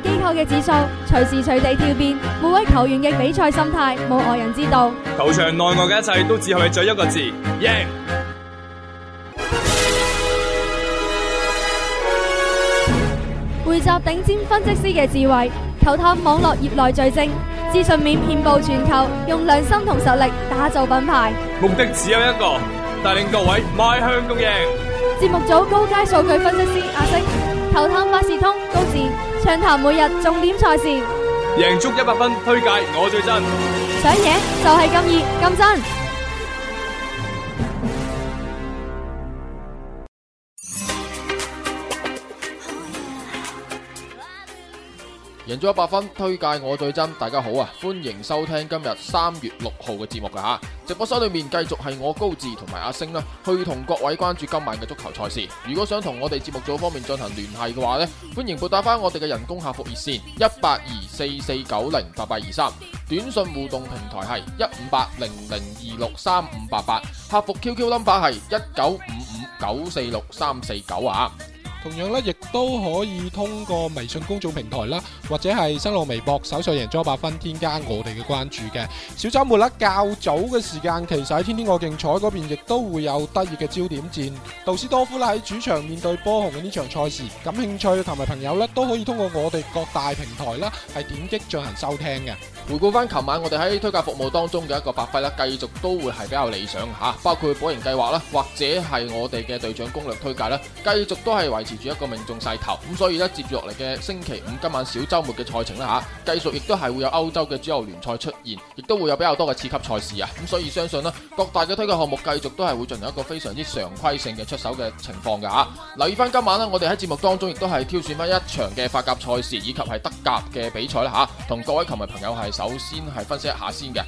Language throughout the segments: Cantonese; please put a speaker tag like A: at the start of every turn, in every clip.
A: 機構嘅指數隨時隨地跳變，每位球員嘅比賽心態冇外人知道。
B: 球場內外嘅一切都只係為咗一個字：贏。匯集頂尖分析師嘅智慧，球探網絡業內最精，資訊面遍布全球，用良心同實力打造品牌。
A: 目的只有一個，帶領各位邁向共贏。節目
B: 組高階數據分析師阿星，球探萬事通高志。暢談每日重點賽事，贏足一百分推介我最真，想贏就係咁易，咁真，贏足一百分推介我最真。大家好啊，歡迎收聽今日三月六號嘅節目噶吓。直播室裏面繼續係我高志同埋阿星啦，去同各位關注今晚嘅足球賽事。如果想同我哋節目組方面進行聯繫嘅話呢，歡迎撥打翻我哋嘅人工客服熱線一八二四四九零八八二三，短信互動平台係一五八零零二六三五八八，客服 QQ 號碼係一九五五九四六三
A: 四九啊。同樣咧，亦都可以通過微信公眾平台啦，或者係新浪微博搜索贏足 100FUN，添加我哋嘅關注嘅。小周末啦，較早嘅時間，其實喺天天愛競彩嗰邊亦都會有得意嘅焦點戰。杜斯多夫啦，喺主場面對波紅嘅呢場賽事，感興趣嘅球迷朋友咧，都可以通過我哋各大平台啦，係點擊進行收聽嘅。回顧翻，琴晚我哋喺推介服務當中嘅一個發揮啦，繼
B: 續都會係比較理想吓，包括寶盈計劃啦，或者係我哋嘅隊長攻略推介啦，繼續都係維持住一個命中勢頭。咁所以呢，接住落嚟嘅星期五今晚小周末嘅賽程啦，吓，繼續亦都係會有歐洲嘅主流聯賽出現，亦都會有比較多嘅次級賽事啊。咁所以相信咧，各大嘅推介項目繼續都係會進行一個非常之常規性嘅出手嘅情況嘅吓。留意翻今晚咧，我哋喺節目當中亦都係挑選翻一場嘅法甲賽事以及係德甲嘅比賽啦吓，同各位球迷朋友係。首先係分析一下先嘅，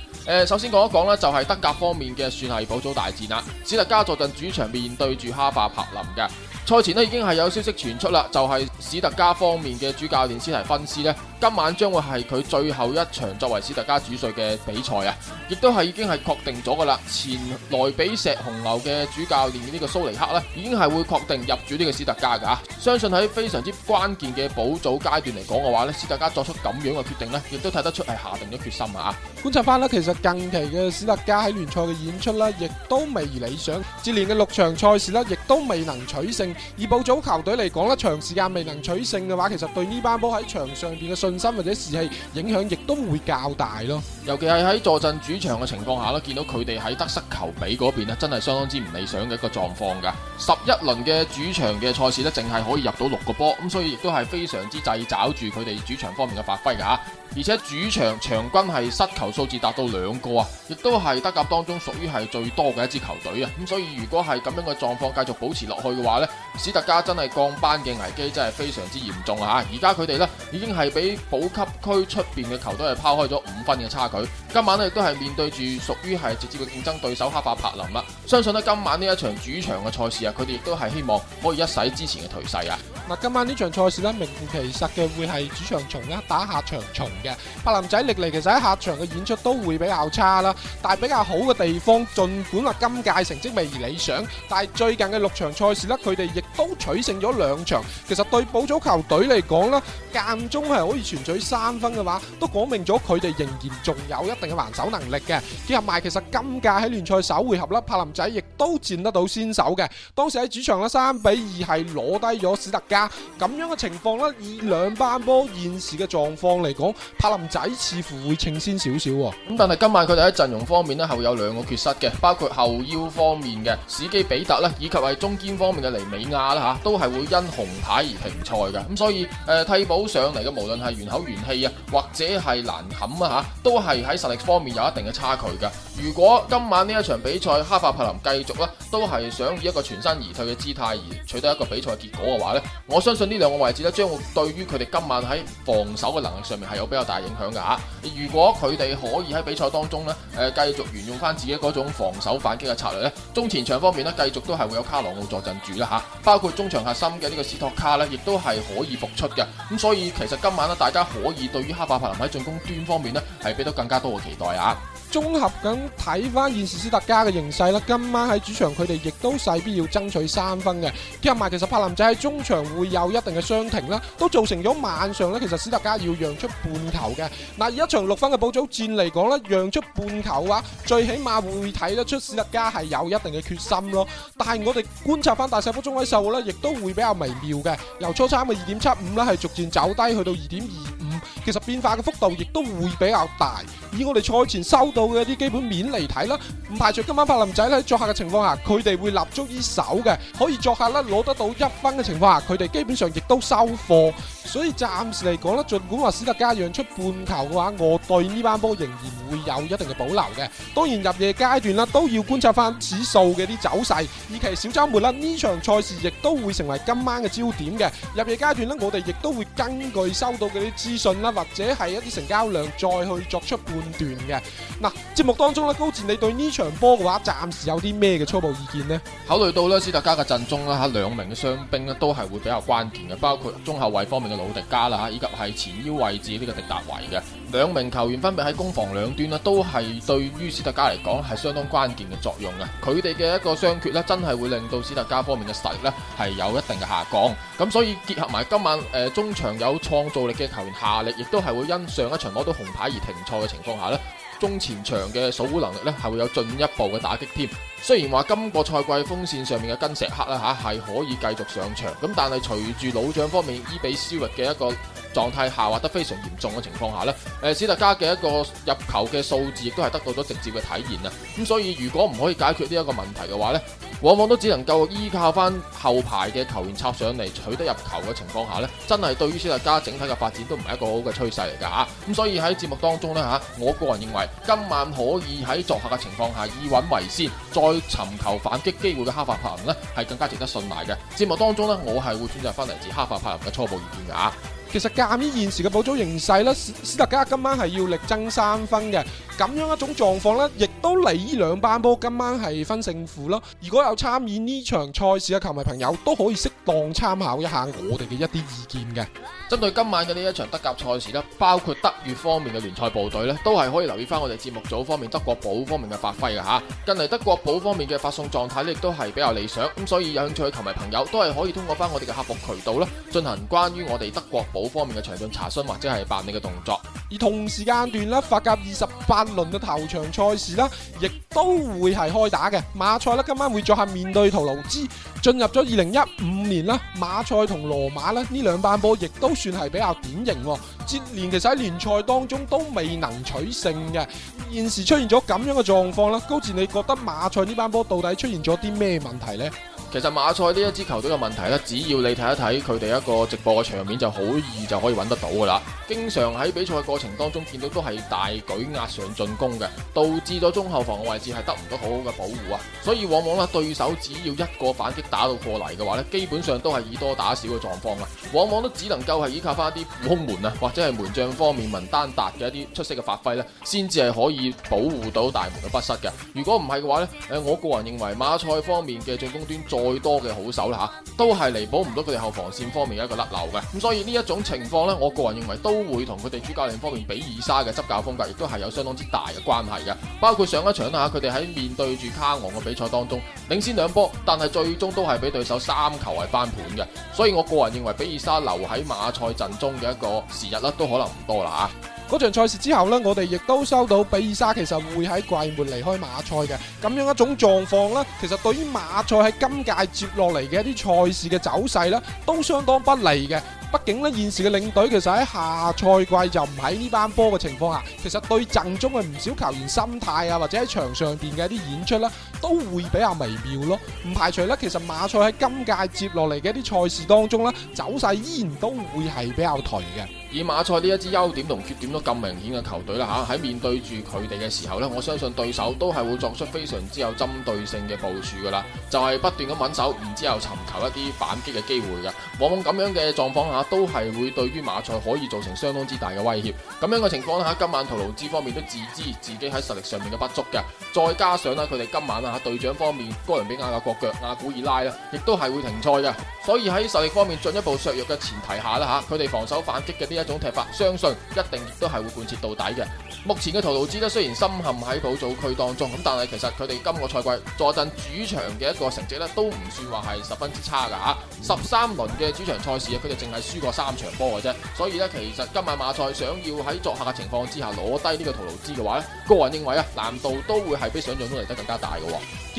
B: 誒首先講一講咧，就係德甲方面嘅算係保組大戰啦，史特加坐陣主場，面對住哈巴柏林嘅。賽前呢，已經係有消息傳出啦，就係、是、史特加方面嘅主教練史提芬斯呢，今晚將會係佢最後一場作為史特加主帥嘅比賽啊！亦都係已經係確定咗噶啦。前萊比錫紅牛嘅主教練呢個蘇尼克呢，已經係會確定入主呢個史特加噶。相信喺非常之關鍵嘅補組階段嚟講嘅話呢，史特加作出咁樣嘅決定呢，亦都睇得出係下定咗決心啊！
A: 觀察翻呢，其實近期嘅史特加喺聯賽嘅演出呢，亦都未如理想，接連嘅六場賽事呢，亦都未能取勝。而補組球隊嚟講呢，長時間未能取勝嘅話，其實對呢班波喺場上邊嘅信心或者士氣影響亦都會較大咯，
B: 尤其係喺坐鎮主場嘅情況下咯，見到佢哋喺得失球比嗰邊真係相當之唔理想嘅一個狀況噶。十一輪嘅主場嘅賽事呢，淨係可以入到六個波，咁所以亦都係非常之掣肘住佢哋主場方面嘅發揮噶。吓，而且主場場均係失球數字達到兩個啊，亦都係德甲當中屬於係最多嘅一支球隊啊。咁所以如果係咁樣嘅狀況繼續保持落去嘅話呢，史特加真係降班嘅危機真係非常之嚴重啊。吓，而家佢哋呢已經係俾。保級區出邊嘅球隊係拋開咗五分嘅差距，今晚咧亦都係面對住屬於係直接嘅競爭對手哈法柏林啦。相信呢，今晚呢一場主場嘅賽事啊，佢哋亦都係希望可以一洗之前嘅頹勢啊。
A: 嗱，今晚呢場賽事咧，名副其實嘅會係主場重啦，打客場重嘅柏林仔歷嚟其實喺客場嘅演出都會比較差啦，但係比較好嘅地方，儘管啊今屆成績未如理想，但係最近嘅六場賽事咧，佢哋亦都取勝咗兩場。其實對保組球隊嚟講咧，間中係可以全取三分嘅話，都講明咗佢哋仍然仲有一定嘅還手能力嘅。結合埋其實今屆喺聯賽首回合咧，柏林仔亦都佔得到先手嘅。當時喺主場咧，三比二係攞低咗史特加。咁樣嘅情況呢，以兩班波現時嘅狀況嚟講，柏林仔似乎會稱先少少。咁但係今晚佢哋喺陣容方面呢，係會有
B: 兩個缺失嘅，包括後腰方面嘅史基比特呢，以及係中堅方面嘅尼美亞啦吓，都係會因紅牌而停賽嘅。咁所以誒替補上嚟嘅，無論係圓口圓氣啊，或者係難冚啊吓，都係喺實力方面有一定嘅差距嘅。如果今晚呢一場比賽，哈法柏林繼續啦，都係想以一個全身而退嘅姿態而取得一個比賽結果嘅話呢。我相信呢兩個位置咧，將會對於佢哋今晚喺防守嘅能力上面係有比較大影響嘅吓。如果佢哋可以喺比賽當中咧，誒繼續沿用翻自己嗰種防守反擊嘅策略咧，中前場方面咧繼續都係會有卡羅奧坐鎮住啦吓。包括中場核心嘅呢個斯托卡咧，亦都係可以復出嘅。咁所以其實今晚咧，大家可以
A: 對於哈伯柏林喺進攻端方面咧，係俾到更加多嘅期待啊！綜合咁睇翻現時史特加嘅形勢啦，今晚喺主場佢哋亦都勢必要爭取三分嘅。加埋其實柏林仔喺中場會有一定嘅傷停啦，都造成咗晚上呢其實史特加要讓出半球嘅。嗱，一場六分嘅補組戰嚟講呢，讓出半球嘅話最起碼會睇得出史特加係有一定嘅決心咯。但係我哋觀察翻大石波中位數呢亦都會比較微妙嘅，由初三嘅二點七五呢，係逐漸走低去到二點二其實變化嘅幅度亦都會比較大，以我哋賽前收到嘅一啲基本面嚟睇啦，唔排除今晚柏林仔喺作客嘅情況下，佢哋會立足於守嘅，可以作客啦攞得到一分嘅情況下，佢哋基本上亦都收貨。所以暫時嚟講咧，儘管話史特加讓出半球嘅話，我對呢班波仍然會有一定嘅保留嘅。當然入夜階段啦，都要觀察翻指數嘅啲走勢。以期小周末啦，呢場賽事亦都會成為今晚嘅焦點嘅。入夜階段呢，我哋亦都會根據收到嘅啲資訊啦，或者係一啲成交量再去作出判斷嘅。嗱、啊，節目當中呢，高志，你對呢場波嘅話，暫時有啲咩嘅初步意見呢？
B: 考慮到呢史特加嘅陣中啦，嚇兩名嘅傷兵呢都係會比較關鍵嘅，包括中後衞方面老迪加啦，以及係前腰位置呢個迪達維嘅兩名球員，分別喺攻防兩端啊，都係對於史特加嚟講係相當關鍵嘅作用嘅。佢哋嘅一個傷缺咧，真係會令到史特加方面嘅實力咧係有一定嘅下降。咁所以結合埋今晚誒、呃、中場有創造力嘅球員夏力，亦都係會因上一場攞到紅牌而停賽嘅情況下咧。中前場嘅守護能力咧，係會有進一步嘅打擊添。雖然話今個賽季鋒線上面嘅根石克啦嚇係可以繼續上場，咁但係隨住老將方面伊 比斯域嘅一個狀態下滑得非常嚴重嘅情況下咧，誒史特加嘅一個入球嘅數字亦都係得到咗直接嘅體現啊！咁所以如果唔可以解決呢一個問題嘅話咧，往往都只能夠依靠翻後排嘅球員插上嚟取得入球嘅情況下呢，真係對於史特加整體嘅發展都唔係一個好嘅趨勢嚟噶吓。咁所以喺節目當中呢，吓，我個人認為今晚可以喺作客嘅情況下以穩為先，再尋求反擊機會嘅哈法柏林呢，係更加值得信賴嘅。節目當
A: 中呢，我係會選擇翻嚟自哈法柏林嘅初步意見噶。其實鑒於現時嘅保組形勢呢，史特加今晚係要力爭三分嘅，咁樣一種狀況呢亦都嚟呢兩班波，今晚係分勝負咯。如果有參與呢場賽事嘅球迷朋友，都可以適當參考一下我哋
B: 嘅一啲意見嘅。針對今晚嘅呢一場德甲賽事，包括德乙方面嘅聯賽部隊呢，都係可以留意翻我哋節目組方面德國寶方面嘅發揮嘅吓。近嚟德國寶方面嘅發送狀態亦都係比較理想，咁所以有興趣嘅球迷朋友都係可以通過翻我哋嘅客服渠道啦，進行關於我哋德國。好方面嘅詳盡查詢或者係辦理嘅動作，
A: 而同時間段咧，法甲二十八輪嘅頭場賽事啦，亦都會係開打嘅。馬賽咧今晚會作客面對圖盧茲，進入咗二零一五年啦。馬賽同羅馬咧呢兩班波亦都算係比較典型，接連其實喺聯賽當中都未能取勝嘅，現時出現咗咁樣嘅狀況啦。高志你覺得馬賽呢班波到底出現咗啲咩問題呢？其實馬賽呢一支球隊嘅問題
B: 咧，只要你睇一睇佢哋一個直播嘅場面，就好易就可以揾得到㗎喇。經常喺比賽嘅過程當中見到都係大舉壓上進攻嘅，導致咗中後防嘅位置係得唔到很好好嘅保護啊！所以往往啦，對手只要一個反擊打到過嚟嘅話呢，基本上都係以多打少嘅狀況啊。往往都只能夠係依靠翻啲撲空門啊，或者係門將方面文丹達嘅一啲出色嘅發揮呢，先至係可以保護到大門嘅不失嘅。如果唔係嘅話呢，誒，我個人認為馬賽方面嘅進攻端再多嘅好手啦吓，都係彌補唔到佢哋後防線方面嘅一個甩漏嘅。咁所以呢一種情況呢，我個人認為都。都會同佢哋主教練方面比爾莎嘅執教風格，亦都係有相當之大嘅關係嘅。包括上一場啦，佢哋喺面對住卡昂嘅比賽當中領先兩波，但係最終都係俾對手三球係翻盤嘅。所以我個人認為比爾莎留喺馬賽陣中嘅一個時日咧，都可能唔多
A: 啦吓。嗰場賽事之後呢，我哋亦都收到比爾莎其實會喺季末離開馬賽嘅咁樣一種狀況呢，其實對於馬賽喺今屆接落嚟嘅一啲賽事嘅走勢呢，都相當不利嘅。畢竟呢，現時嘅領隊其實喺下賽季就唔喺呢班波嘅情況下，其實對陣中嘅唔少球員心態啊，或者喺場上邊嘅一啲演出呢，都會比較微妙咯。唔排除呢，其實馬賽喺今屆接落嚟嘅一啲賽事當中呢，走勢依然都會係比較頹嘅。
B: 以馬賽呢一支優點同缺點都咁明顯嘅球隊啦，吓喺面對住佢哋嘅時候呢，我相信對手都係會作出非常之有針對性嘅部署噶啦，就係不斷咁穩守，然之後尋求一啲反擊嘅機會嘅。往往咁樣嘅狀況下，都係會對於馬賽可以造成相當之大嘅威脅。咁樣嘅情況下，今晚圖盧茲方面都自知自己喺實力上面嘅不足嘅，再加上呢，佢哋今晚啊吓隊長方面，哥倫比亞嘅國腳阿古爾拉呢，亦都係會停賽嘅，所以喺實力方面進一步削弱嘅前提下啦，吓佢哋防守反擊嘅呢一種踢法，相信一定都係會貫徹到底嘅。目前嘅圖盧茲咧，雖然深陷喺保組區當中，咁但係其實佢哋今個賽季坐鎮主場嘅一個成績都唔算話係十分之差噶吓。十三輪嘅主場賽事，佢哋淨係輸過三場波嘅啫。所以呢，其實今晚馬賽想要喺作客嘅情況之下攞低呢個圖盧茲嘅話咧，個人認為啊，難度都會係比想象中嚟得更加大嘅。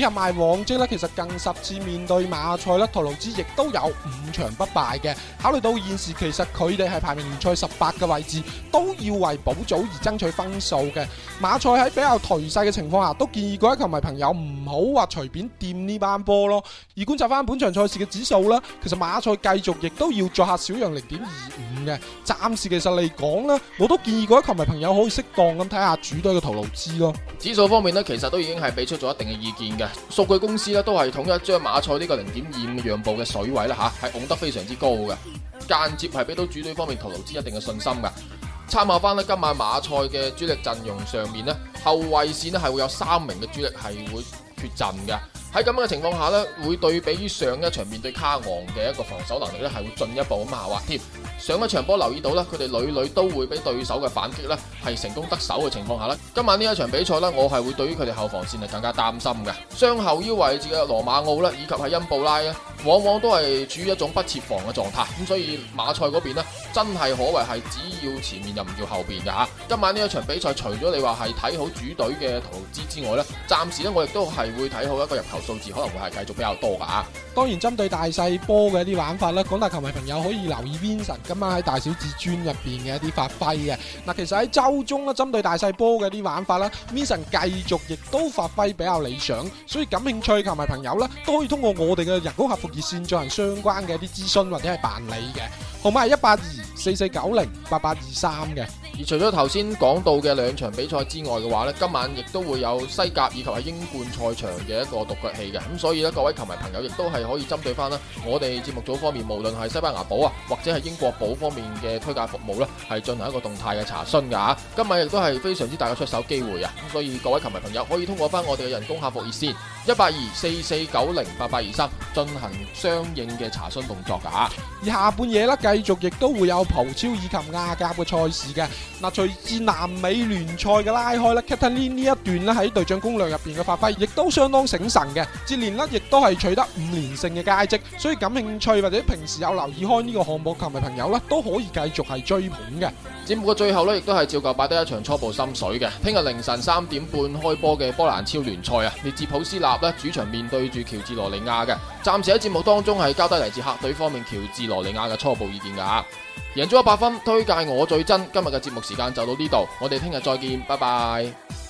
A: 而賣往績呢，其實近十次面對馬賽咧，圖盧茲亦都有五場不敗嘅。考慮到現時其實佢哋係排名在十八個位置，都要為補組而爭取分數嘅馬賽喺比較頹勢嘅情況下，都建議各位球迷朋友唔好話隨便掂呢班波咯。而觀察翻本場賽事嘅指數咧，其實馬賽繼續亦都要作客小讓零點二五嘅。暫時其實嚟講呢，我都建議各位球迷朋友可以適當咁睇下主隊嘅陶魯茲咯。
B: 指數方面呢，其實都已經係俾出咗一定嘅意見嘅。數據公司呢，都係統一將馬賽呢個零點二五讓步嘅水位啦吓，係拱得非常之高嘅，間接係俾到主隊方面陶魯茲。一定嘅信心噶，參考翻今晚馬賽嘅主力陣容上面呢，後衛線咧係會有三名嘅主力係會缺陣嘅。喺咁樣嘅情況下呢，會對比於上一場面對卡昂嘅一個防守能力呢係會進一步咁下滑添。上一場波留意到呢，佢哋屢屢都會俾對手嘅反擊呢係成功得手嘅情況下呢，今晚呢一場比賽呢，我係會對於佢哋後防線係更加擔心嘅。雙後腰位置嘅羅馬奧呢，以及係恩布拉往往都係處於一種不設防嘅狀態，咁所以馬賽嗰邊咧真係可謂係只要前面就唔要後邊㗎吓。今晚呢一場比賽，除咗你話係睇好主隊嘅投資之外呢，暫時呢，我亦都係會睇好一個入球數字，可能會係繼續比較多㗎吓、啊。
A: 當然針對大細波嘅一啲玩法咧，廣大球迷朋友可以留意 Vincent 今晚喺大小至尊入邊嘅一啲發揮嘅。嗱，其實喺週中呢，針對大細波嘅一啲玩法啦，Vincent 繼續亦都發揮比較理想，所以感興趣球迷朋友呢，都可以通過我哋嘅人工客服。熱線進行相關嘅一啲諮詢或者係辦理嘅，號碼係一八二四四九零八八二三嘅。
B: 而除咗頭先講到嘅兩場比賽之外嘅話呢，今晚亦都會有西甲以及喺英冠賽場嘅一個獨腳戲嘅。咁所以呢，各位球迷朋友亦都係可以針對翻呢，我哋節目組方面無論係西班牙寶啊或者係英國寶方面嘅推介服務呢係進行一個動態嘅查詢噶。吓，今晚亦都係非常之大嘅出手機會啊！咁所以各位球迷朋友可以通過翻我哋嘅人工客服熱線。一八二四四九零八八二三進行相應嘅查詢動作噶，
A: 而下半夜啦，繼續亦都會有葡超以及亞甲嘅賽事嘅。嗱，隨住南美聯賽嘅拉開啦，Catalina 一段咧喺隊長攻略入邊嘅發揮，亦都相當醒神嘅。接連咧亦都係取得五連勝嘅佳績，所以感興趣或者平時有留意開呢個項目球迷朋友啦，都可以繼續係追捧嘅。節目嘅最後
B: 咧，亦都係照舊擺得一場初步心水嘅。聽日凌晨三點半開波嘅波蘭超聯賽啊，列治普斯主場面對住喬治羅尼亞嘅，暫時喺節目當中係交低嚟自客隊方面喬治羅尼亞嘅初步意見噶吓，贏咗一百分，推介我最真，今日嘅節目時間就到呢度，我哋聽日再見，拜拜。